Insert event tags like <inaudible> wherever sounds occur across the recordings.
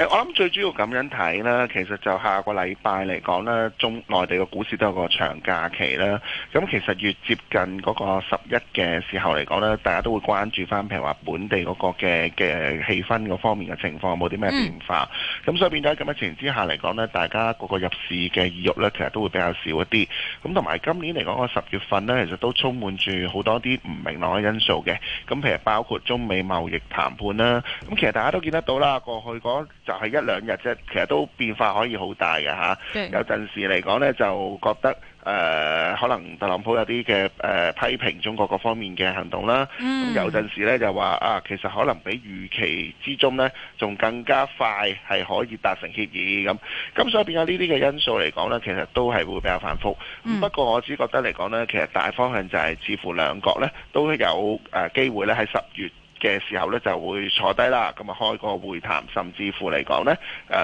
我諗最主要咁樣睇啦，其實就下個禮拜嚟講啦，中內地嘅股市都有個長假期啦。咁其實越接近嗰個十一嘅時候嚟講呢，大家都會關注翻，譬如話本地嗰個嘅嘅氣氛嗰方面嘅情況有冇啲咩變化。咁、嗯、所以變咗咁嘅情形之下嚟講呢，大家嗰個入市嘅意欲呢，其實都會比較少一啲。咁同埋今年嚟講，個十月份呢，其實都充滿住好多啲唔明朗嘅因素嘅。咁其實包括中美貿易談判啦。咁其實大家都見得到啦，過去嗰就係一兩日啫，其實都變化可以好大㗎吓。Okay. 有陣時嚟講呢，就覺得誒、呃，可能特朗普有啲嘅誒批評中國各方面嘅行動啦。Mm. 有陣時呢，就話啊，其實可能比預期之中呢，仲更加快係可以達成協議咁。咁所以變咗呢啲嘅因素嚟講呢，其實都係會比較反覆。Mm. 不過我只覺得嚟講呢，其實大方向就係似乎兩國呢都有誒、呃、機會呢喺十月嘅時候呢就會坐低啦，咁啊開個會談，甚至乎嚟講呢，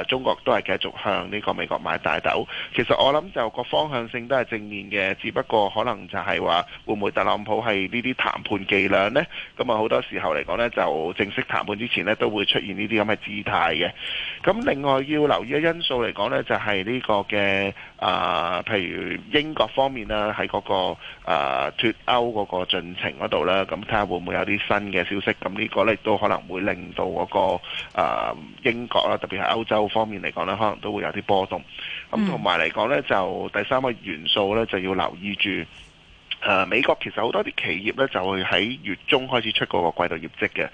中國都係繼續向呢個美國買大豆。其實我諗就個方向性都係正面嘅，只不過可能就係話會唔會特朗普係呢啲談判伎倆呢？咁啊好多時候嚟講呢，就正式談判之前呢都會出現呢啲咁嘅姿態嘅。咁另外要留意嘅因素嚟講呢，就係呢個嘅啊，譬如英國方面啦，喺嗰個啊、呃、脫歐嗰個進程嗰度啦，咁睇下會唔會有啲新嘅消息。咁呢個咧，都可能會令到嗰個、呃、英國啦，特別係歐洲方面嚟講呢，可能都會有啲波動。咁同埋嚟講呢，就第三個元素呢，就要留意住誒、呃、美國其實好多啲企業呢，就會喺月中開始出嗰個季度業績嘅。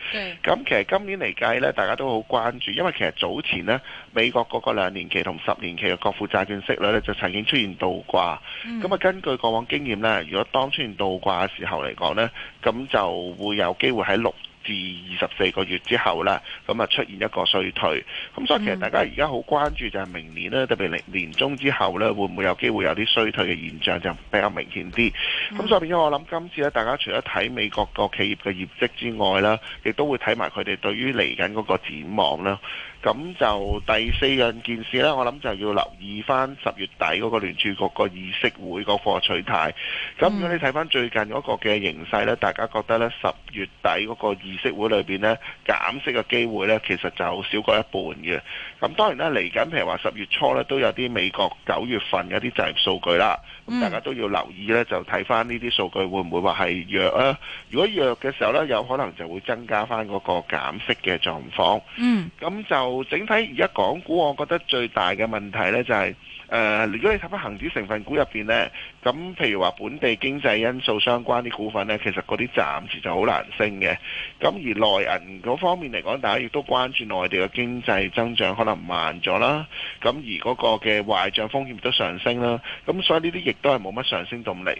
咁是其實今年嚟計呢，大家都好關注，因為其實早前呢，美國嗰個兩年期同十年期嘅國庫債券息率呢，就曾經出現倒掛。咁啊、嗯，根據過往經驗呢，如果當出現倒掛嘅時候嚟講呢，咁就會有機會喺六。至二十四個月之後啦，咁啊出現一個衰退，咁所以其實大家而家好關注就係明年呢，特別年中之後呢，會唔會有機會有啲衰退嘅現象就比較明顯啲。咁所以變咗我諗今次咧，大家除咗睇美國個企業嘅業績之外啦，亦都會睇埋佢哋對於嚟緊嗰個展望啦。咁就第四樣件，件事呢，我諗就要留意翻十月底嗰個聯儲局個議息會個取態。咁如果你睇翻最近嗰個嘅形勢呢，大家覺得呢十月底嗰個議息會裏面呢減息嘅機會呢，其實就少過一半嘅。咁當然呢嚟緊譬如話十月初呢，都有啲美國九月份有啲就業數據啦，咁大家都要留意呢，就睇翻呢啲數據會唔會話係弱咧、啊？如果弱嘅時候呢，有可能就會增加翻嗰個減息嘅狀況。嗯，咁就。整體而家港股，我覺得最大嘅問題咧就係、是。誒、呃，如果你睇翻恒指成分股入邊呢，咁譬如話本地經濟因素相關啲股份呢，其實嗰啲暫時就好難升嘅。咁而內銀嗰方面嚟講，大家亦都關注內地嘅經濟增長可能慢咗啦。咁而嗰個嘅壞帳風險亦都上升啦。咁所以呢啲亦都係冇乜上升動力。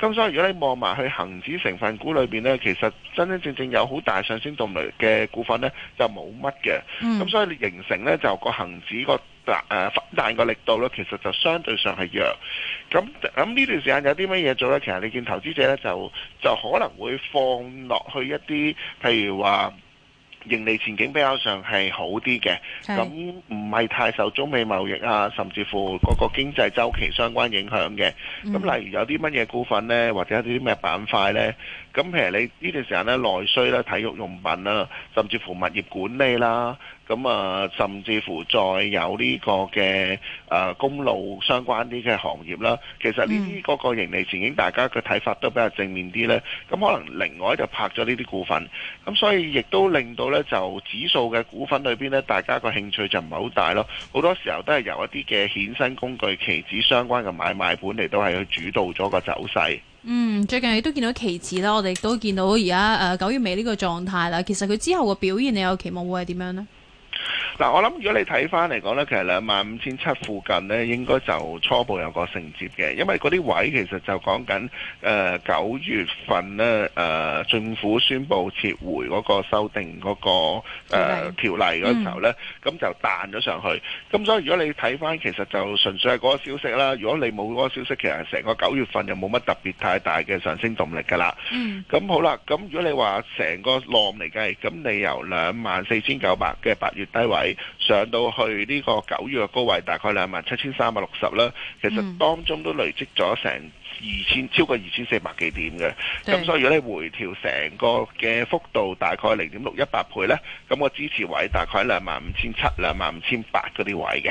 咁所以如果你望埋去恒指成分股裏邊呢，其實真真正正有好大上升動力嘅股份呢，就冇乜嘅。咁、嗯、所以你形成呢，就個恒指個。嗱誒，反彈個力度咧，其實就相對上係弱。咁咁呢段時間有啲乜嘢做咧？其實你見投資者咧，就就可能會放落去一啲，譬如話盈利前景比較上係好啲嘅。咁唔係太受中美貿易啊，甚至乎嗰個經濟週期相關影響嘅。咁例如有啲乜嘢股份咧，或者一啲咩板塊咧？咁其實你呢段時間咧，內需啦、體育用品啦，甚至乎物業管理啦。咁啊、嗯，甚至乎再有呢個嘅誒、呃、公路相關啲嘅行業啦。其實呢啲嗰個盈利前景，大家嘅睇法都比較正面啲咧。咁、嗯、可能另外就拍咗呢啲股份，咁、嗯、所以亦都令到咧就指數嘅股份裏邊咧，大家個興趣就唔係好大咯。好多時候都係由一啲嘅衍生工具、期指相關嘅買賣本嚟，都係去主導咗個走勢。嗯，最近亦都見到期指啦，我哋都見到而家誒九月尾呢個狀態啦。其實佢之後嘅表現，你有期望會係點樣咧？嗱、啊，我諗如果你睇翻嚟講呢，其實兩萬五千七附近呢，應該就初步有個承接嘅，因為嗰啲位其實就講緊誒九月份呢，誒、呃、政府宣布撤回嗰個修訂嗰個誒條、呃、的例嗰時候呢，咁、嗯、就彈咗上去。咁所以如果你睇翻，其實就純粹係嗰個消息啦。如果你冇嗰個消息，其實成個九月份又冇乜特別太大嘅上升動力噶啦。嗯。咁好啦，咁如果你話成個浪嚟計，咁你由兩萬四千九百嘅八月低位。上到去呢個九月嘅高位大概兩萬七千三百六十啦，其實當中都累積咗成二千，超過二千四百幾點嘅，咁對所以如果你回調成個嘅幅度大概零點六一八倍呢。咁個支持位大概兩萬五千七、兩萬五千八嗰啲位嘅。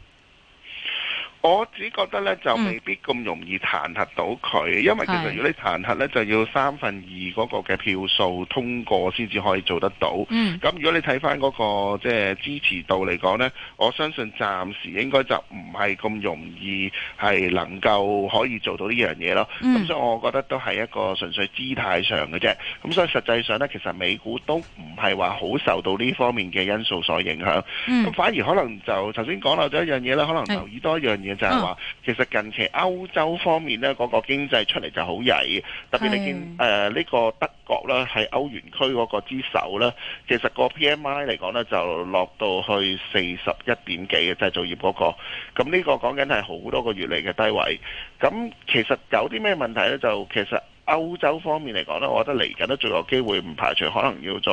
我只覺得咧，就未必咁容易彈劾到佢。嗯、因為其實如果你彈劾咧，是就要三分二嗰個嘅票數通過先至可以做得到。咁、嗯、如果你睇翻嗰個即係，就是，支持度嚟講咧，我相信暫時應該就唔係咁容易係能夠可以做到呢樣嘢咯。咁、嗯、所以我覺得都係一個純粹姿態上嘅啫。咁所以實際上咧，其實美股都唔係話好受到呢方面嘅因素所影響，咁、嗯、反而可能就頭先講漏咗一樣嘢咧，可能留意多一樣嘢。就係話，其實近期歐洲方面呢個經濟出嚟就好曳，特別你見誒呢個德國啦，係歐元區嗰個之首啦。其實個 PMI 嚟講呢就落到去四十一點幾嘅製造業嗰個，咁呢個講緊係好多個月嚟嘅低位。咁其實有啲咩問題呢？就其實。歐洲方面嚟講呢，我覺得嚟緊呢最有機會，唔排除可能要再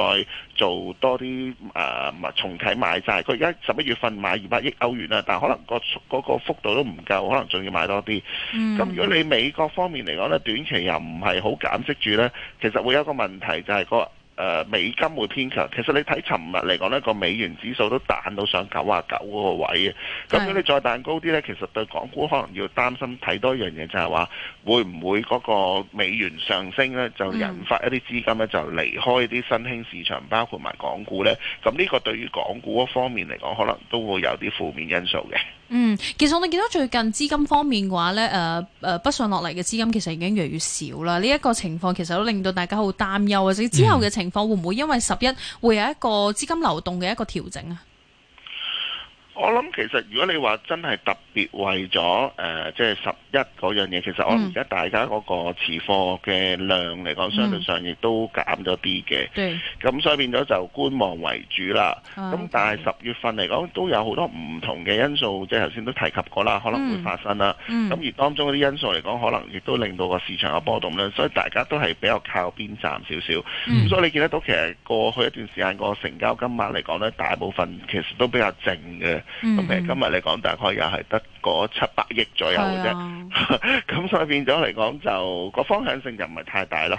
做多啲誒、呃、重啟買債。佢而家十一月份買二百億歐元啦，但可能個幅度都唔夠，可能仲要買多啲。咁、嗯、如果你美國方面嚟講呢短期又唔係好減息住呢，其實會有一個問題就係、嗰個。誒、呃、美金會偏強，其實你睇尋日嚟講呢，個美元指數都彈到上九啊九嗰個位嘅，咁樣的你再彈高啲呢，其實對港股可能要擔心睇多樣嘢，就係、是、話會唔會嗰個美元上升呢，就引發一啲資金呢，就離開啲新興市場，包括埋港股呢。咁呢個對於港股方面嚟講，可能都會有啲負面因素嘅。嗯，其實我哋見到最近資金方面嘅話呢，誒誒北上落嚟嘅資金其實已經越嚟越少啦，呢、這、一個情況其實都令到大家好擔憂或者之後嘅情況、嗯，況會唔會因為十一會有一個資金流動嘅一個調整啊？我諗其實，如果你話真係特別為咗誒，即係十一嗰樣嘢，其實我而家大家嗰個持貨嘅量嚟講，相對上亦都減咗啲嘅。咁、嗯、所以變咗就觀望為主啦。咁、啊、但係十月份嚟講，都有好多唔同嘅因素，即係頭先都提及過啦，可能會發生啦。咁、嗯嗯、而當中嗰啲因素嚟講，可能亦都令到個市場有波動啦、嗯、所以大家都係比較靠邊站少少。咁、嗯、所以你見得到其實過去一段時間個成交金額嚟講咧，大部分其實都比較靜嘅。咁譬、嗯嗯、今日嚟講，大概又係得嗰七百億左右嘅啫是、啊， <laughs> 咁所以變咗嚟講，就個方向性就唔係太大咯。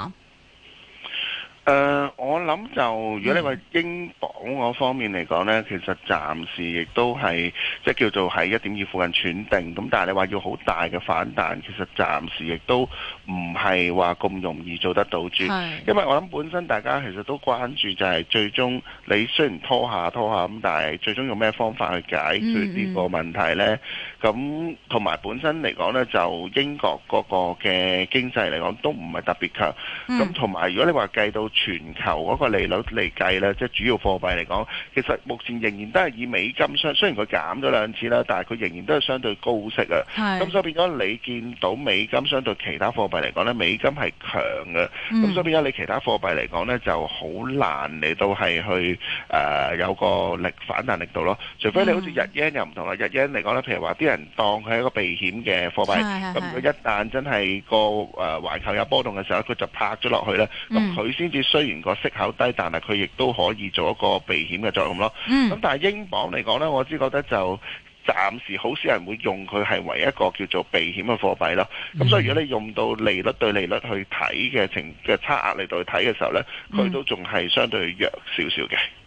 誒，uh, 我諗就如果你話英鎊嗰方面嚟講咧，mm hmm. 就是，其實暫時亦都係即係叫做喺一點二附近喘定。咁但係你話要好大嘅反彈，其實暫時亦都唔係話咁容易做得到住。Mm hmm. 因為我諗本身大家其實都關注就係最終你雖然拖下拖下咁，但係最終用咩方法去解決呢個問題咧？咁同埋本身嚟講咧，就英國嗰個嘅經濟嚟講都唔係特別強，咁同埋如果你話計到。全球嗰個利率嚟計咧，即係主要貨幣嚟講，其實目前仍然都係以美金相，雖然佢減咗兩次啦，但係佢仍然都係相對高息啊。係，咁所以變咗你見到美金相對其他貨幣嚟講咧，美金係強嘅。嗯，咁所以變咗你其他貨幣嚟講咧，就好難嚟到係去誒有個力反彈力度咯。除非你好似日元又唔同啦，日元嚟講咧，譬如話啲人當佢係一個避險嘅貨幣，咁佢一旦真係個誒環球有波動嘅時候，佢就拍咗落去啦。嗯，咁佢先至。雖然個息口低，但係佢亦都可以做一個避險嘅作用咯。咁、嗯、但係英鎊嚟講呢，我只覺得就暫時好少人會用佢係為一個叫做避險嘅貨幣咯。咁、嗯、所以如果你用到利率對利率去睇嘅情嘅差額嚟到去睇嘅時候呢，佢都仲係相對弱少少嘅。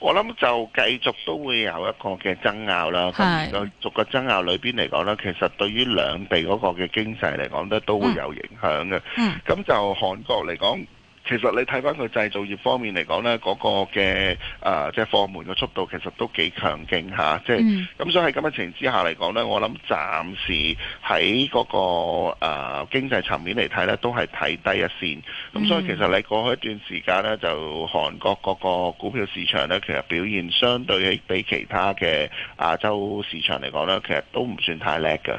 我諗就繼續都會有一個嘅爭拗啦，咁而個逐個爭拗裏邊嚟講咧，其實對於兩地嗰個嘅經濟嚟講咧，都會有影響嘅。咁、嗯嗯、就韓國嚟講。其實你睇翻佢製造業方面嚟講呢，嗰個嘅，啊即係放緩嘅速度其實都幾強勁嚇，即係咁所以喺咁嘅情況之下嚟講呢，我諗暫時喺嗰個啊經濟層面嚟睇呢都係睇低一線。咁所以其實你過去一段時間呢，就韓國嗰個股票市場呢，其實表現相對起比其他嘅亞洲市場嚟講呢其實都唔算太叻㗎。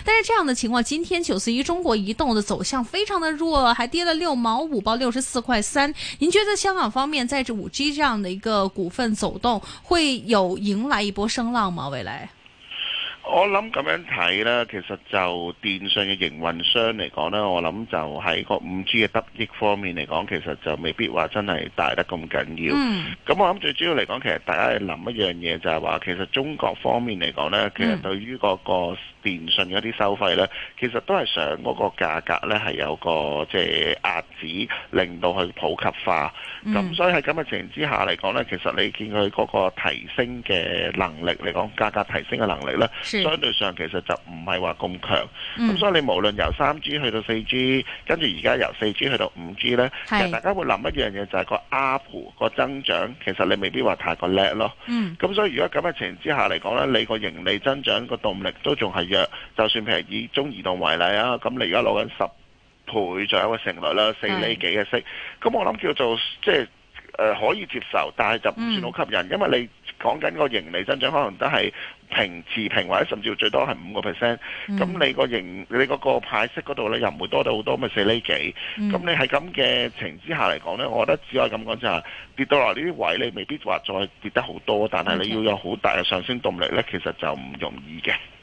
但是這樣的情況，今天九四一中國移動的走向非常的弱，還跌了六毛五，報六十四塊三。您覺得香港方面在這五 G 這樣的一個股份走動，會有迎來一波升浪嗎？未來？我諗咁樣睇啦，其實就電信嘅營運商嚟講咧，我諗就係個五 G 嘅得益方面嚟講，其實就未必話真係大得咁緊要。咁、嗯、我諗最主要嚟講，其實大家諗一樣嘢就係話，其實中國方面嚟講咧，其實對於嗰、那個。嗯電信嗰啲收費咧，其實都係想嗰個價格咧係有個即係壓止，就是、令到佢普及化。咁、嗯、所以喺咁嘅情形之下嚟講咧，其實你見佢嗰個提升嘅能力嚟講，價格提升嘅能力咧，是相對上其實就唔係話咁強，咁、嗯、所以你無論由三 G 去到四 G，跟住而家由四 G 去到五 G 咧，是其實大家會諗一樣嘢就係、是、個 ARPU 個增長，其實你未必話太過叻咯。咁、嗯、所以如果咁嘅情形之下嚟講咧，你個盈利增長個動力都仲係。就算譬如以中移動為例啊，咁你而家攞緊十倍仲有個成率啦，四厘幾嘅息，咁、嗯、我諗叫做即係誒可以接受，但係就唔算好吸引，嗯、因為你講緊個盈利增長可能都係平持平或者甚至最多係五個 percent，咁你個盈你嗰個派息嗰度咧又唔會多到好多，咪、就、四厘幾，咁、嗯、你喺咁嘅情之下嚟講咧，我覺得只可以咁講就係跌到落嚟呢啲位，你未必話再跌得好多，但係你要有好大嘅上升動力咧，其實就唔容易嘅。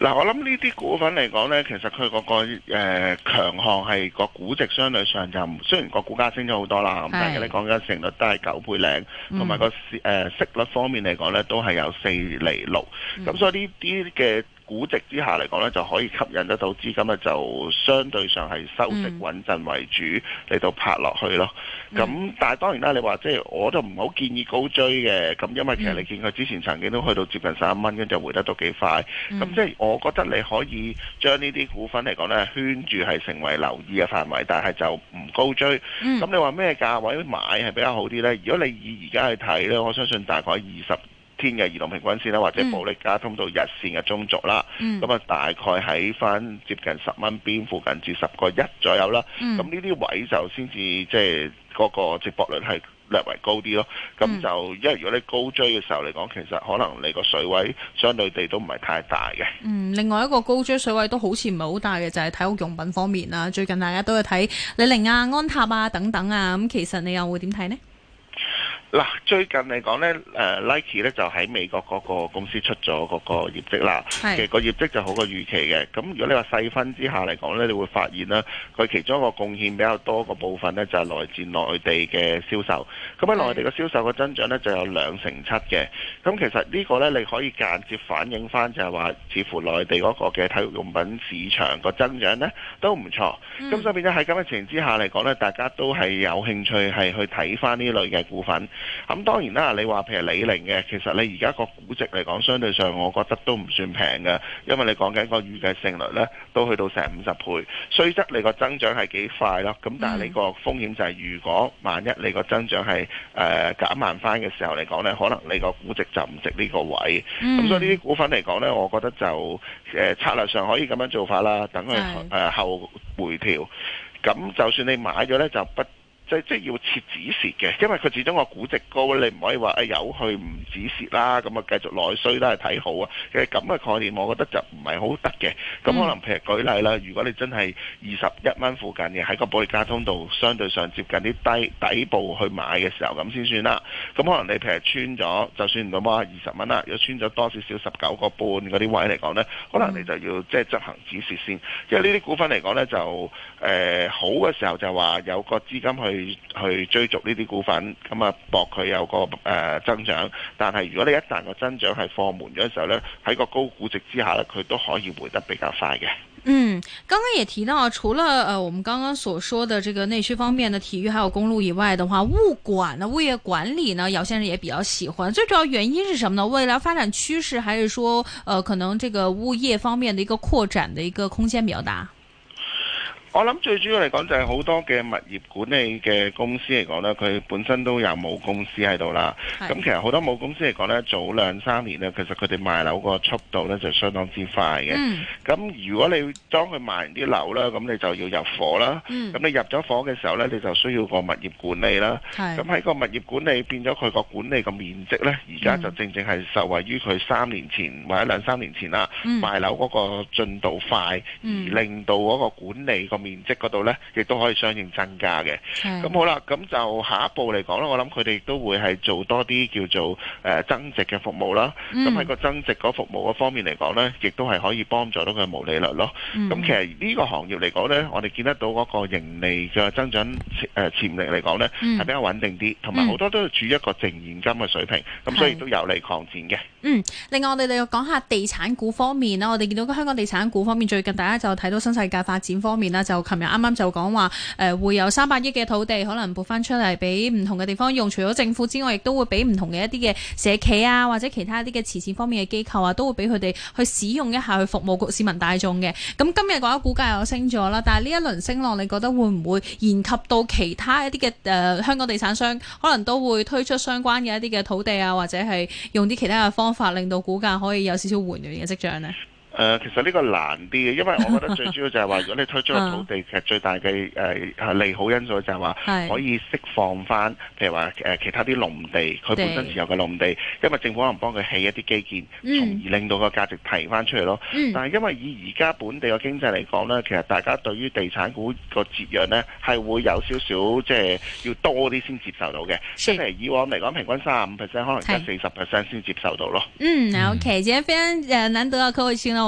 嗱，我諗呢啲股份嚟講咧，其實佢個個誒強項係個估值，相對上就唔，雖然個股價升咗好多啦，咁是但係你講嘅成率都係九倍零，同埋個誒息率方面嚟講咧都係有四厘六，嗯，咁所以呢啲嘅估值之下嚟講咧，就可以吸引得到資金啊，就相對上係收息穩陣為主嚟、嗯、到拍落去咯。咁、嗯、但係當然啦，你話即係我都唔好建議高追嘅，咁因為其實你見佢、嗯、之前曾經都去到接近三蚊，跟住回得都幾快。咁、嗯、即係我覺得你可以將呢啲股份嚟講咧圈住係成為留意嘅範圍，但係就唔高追。咁、嗯、你話咩價位買係比較好啲咧？如果你以而家去睇咧，我相信大概二十天嘅移動平均線啦，或者保力加通道日線嘅中軸啦，咁啊、嗯、大概喺翻接近十蚊邊附近至十個一左右啦。咁呢啲位就先至即係嗰個接駁率係略為高啲咯。咁就因為如果你高追嘅時候嚟講，嗯、其實可能你個水位相對地都唔係太大嘅。嗯，另外一個高追水位都好似唔係好大嘅，就係、是、體育用品方面啦。最近大家都去睇李寧啊、安踏啊等等啊，咁其實你又會點睇呢？嗱，最近嚟講咧，誒、呃、Nike 咧就喺美國嗰個公司出咗嗰個業績啦，是其實個業績就好過預期嘅。咁如果你話細分之下嚟講咧，你會發現啦，佢其中一個貢獻比較多個部分咧，就係、是、來自內地嘅銷售。咁喺內地嘅銷售嘅增長咧，就有兩成七嘅。咁其實個呢個咧，你可以間接反映翻就係話，似乎內地嗰個嘅體育用品市場個增長咧都唔錯。咁、嗯、所以變咗喺咁嘅情形之下嚟講咧，大家都係有興趣係去睇翻呢類嘅股份。咁、嗯、當然啦，你話譬如李寧嘅，其實你而家個估值嚟講，相對上我覺得都唔算平嘅，因為你講緊個預計市盈率呢，都去到成五十倍，雖則你個增長係幾快咯，咁但係你個風險就係，如果萬一你個增長係誒、呃、減慢翻嘅時候嚟講呢，可能你個估值就唔值呢個位。咁、嗯、所以呢啲股份嚟講呢，我覺得就、呃、策略上可以咁樣做法啦，等佢誒後回調。咁就算你買咗呢，就不。即係即要設止蝕嘅，因為佢始終個估值高，你唔可以話、哎、有去唔止蝕啦，咁啊繼續內需都係睇好啊，其實咁嘅概念，我覺得就唔係好得嘅。咁、嗯、可能譬如舉例啦，如果你真係二十一蚊附近嘅喺個保利加通道，相對上接近啲低底部去買嘅時候咁先算啦。咁可能你譬如穿咗，就算咁啊二十蚊啦，若穿咗多少少十九個半嗰啲位嚟講呢，可能你就要即係執行止蝕先，因為呢啲股份嚟講呢，就、呃、誒好嘅時候就話有個資金去。去追逐呢啲股份，咁啊搏佢有個誒增長，但係如果你一旦個增長係放緩咗時候咧，喺個高估值之下咧，佢都可以回得比較快嘅。嗯，剛剛也提到，除了誒、呃，我們剛剛所說的這個內需方面的體育還有公路以外的話，物管呢物業管理呢，姚先生也比較喜歡，最主要原因是什麼呢？未來發展趨勢，還是說，誒、呃、可能這個物業方面的一個擴展的一個空間比較大？我諗最主要嚟講就係好多嘅物業管理嘅公司嚟講咧，佢本身都有母公司喺度啦。咁其實好多母公司嚟講咧，早兩三年咧，其實佢哋賣樓個速度咧就相當之快嘅。咁如果你當佢賣完啲樓啦，咁你就要入夥啦。咁你入咗夥嘅時候咧，你就需要個物業管理啦。咁喺個物業管理變咗佢個管理個面積咧，而家就正正係受惠於佢三年前或者兩三年前啦賣樓嗰個進度快，而令到嗰個管理個面面積嗰度咧，亦都可以相應增加嘅。咁好啦，咁就下一步嚟講啦。我諗佢哋亦都會係做多啲叫做誒增值嘅服務啦。咁喺個增值嗰服務嗰方面嚟講咧，亦都係可以幫助到佢無利率咯。咁其實呢個行業嚟講咧，我哋見得到嗰個盈利嘅增長誒潛力嚟講咧，係比較穩定啲，同埋好多都係處一個淨現金嘅水平，咁所以都有利擴展嘅。嗯，另外我哋嚟講下地產股方面啦。我哋見到香港地產股方面最近大家就睇到新世界發展方面啦。就琴日啱啱就講話誒會有三百億嘅土地可能撥翻出嚟俾唔同嘅地方用，除咗政府之外，亦都會俾唔同嘅一啲嘅社企啊，或者其他一啲嘅慈善方面嘅機構啊，都會俾佢哋去使用一下，去服務市民大衆嘅。咁、嗯、今日嘅話股價又升咗啦，但係呢一輪升浪，你覺得會唔會延及到其他一啲嘅誒香港地產商，可能都會推出相關嘅一啲嘅土地啊，或者係用啲其他嘅方法，令到股價可以有少少回暖嘅跡象咧？誒、呃，其實呢個難啲嘅，因為我覺得最主要就係話，如果你推出個土地， <laughs> 其實最大嘅誒利好因素就係話可以釋放翻，譬如話其他啲農地，佢本身自有嘅農地，對因為政府可能幫佢起一啲基建，從、嗯、而令到個價值提翻出嚟咯。嗯、但係因為以而家本地嘅經濟嚟講咧，其實大家對於地產股個折讓咧係會有少少，即係要多啲先接受到嘅。是即係以往嚟講，平均三十五 percent 可能加四十 percent 先接受到咯。嗯，OK，謝謝 Friend 誒，難得嘅機會先咯。